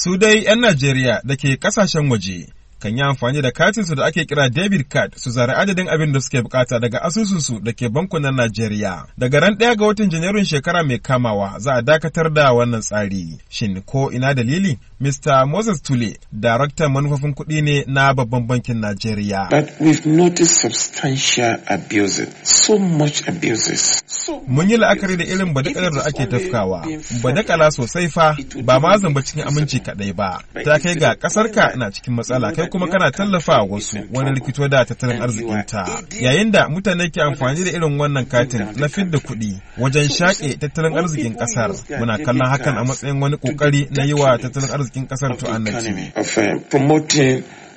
Su dai 'yan Najeriya da ke ƙasashen waje kan yi amfani da katinsu da ake kira debit card su zara adadin abin da suke bukata daga asusunsu da ke bankunan Najeriya. Daga ran ɗaya ga watan Janairun shekara mai kamawa za a dakatar da wannan tsari. Shin ko ina dalili? Mr. Moses Tule, daraktan manufofin kuɗi ne na babban bankin Najeriya. But we've noticed substantial abuses, so much abuses. Mun yi la'akari da irin badakalar da ake tafkawa, badakala sosai fa ba ma zamba cikin aminci kaɗai ba, ta kai ga ƙasarka na cikin matsala kai kuma kana tallafa wasu wani likito da tattalin arzikinta yayin da mutane ke amfani da irin wannan katin na fidda kuɗi wajen shaƙe tattalin arzikin ƙasar muna kallon hakan a matsayin wani ƙoƙari na yi wa tattalin arzikin ƙasar tu'annaci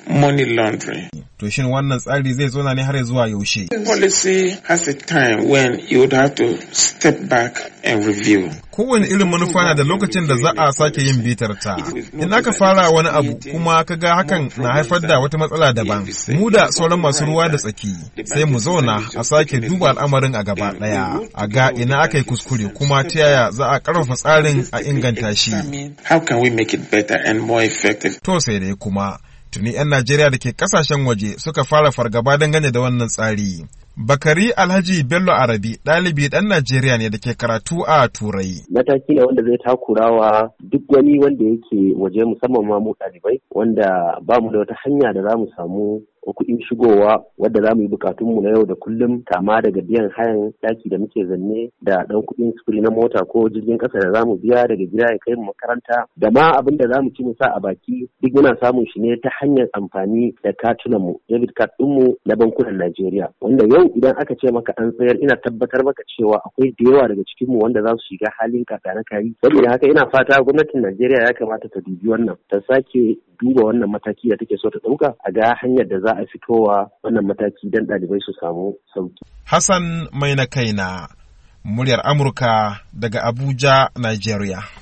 money laundering. To shin wannan tsari zai zo ne har zuwa yaushe? Policy has a time when you would have to step back and review. Kowane irin manufa na da lokacin da za a sake yin bitar ta. In aka fara wani abu kuma ka ga hakan na haifar da wata matsala daban. Mu da sauran masu ruwa da tsaki sai mu zauna a sake duba al'amarin a gaba ɗaya. A ga ina aka yi kuskure kuma ta yaya za a karfafa tsarin a inganta shi. To sai dai kuma tuni 'yan Najeriya da ke kasashen waje suka fara fargaba dangane da wannan tsari. Bakari Alhaji Bello Arabi ɗalibi ɗan Najeriya ne da ke karatu a Turai. Mataki ne wanda zai takura wa duk wani wanda yake waje musamman ma mu ɗalibai wanda ba mu da wata hanya da za mu samu kuɗin shigowa wadda za mu yi bukatunmu na yau da kullum kama daga biyan hayan ɗaki da muke zanne da ɗan kuɗin sufuri na mota ko jirgin ƙasa da za mu biya daga gida ya kai mu makaranta da ma abin da za mu ci mu sa a baki duk muna samun shi ne ta hanyar amfani da katunanmu debit card ɗinmu na bankunan Najeriya wanda yau idan aka ce maka an tsayar ina tabbatar maka cewa akwai da yawa daga cikinmu wanda za su shiga halin ka na kayi saboda haka ina fata gwamnatin Najeriya ya kamata ta dubi wannan ta sake duba wannan mataki da take so ta ɗauka a ga hanyar da za a a fitowa wannan mataki don ɗalibai su samu sauki. Hassan mai na kaina, muryar Amurka daga Abuja, Nigeria.